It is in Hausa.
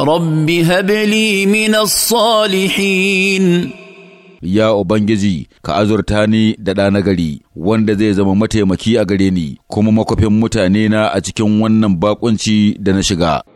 رب هب لي من الصالحين ya Ubangiji ka azurta ni da ɗa nagari wanda zai zama mataimaki a gare ni kuma makwafin mutane na a cikin wannan bakunci da na shiga.